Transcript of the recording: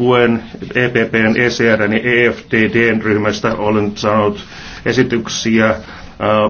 Kuen, EPPn, ECRn ja EFTDn ryhmästä olen saanut esityksiä äh,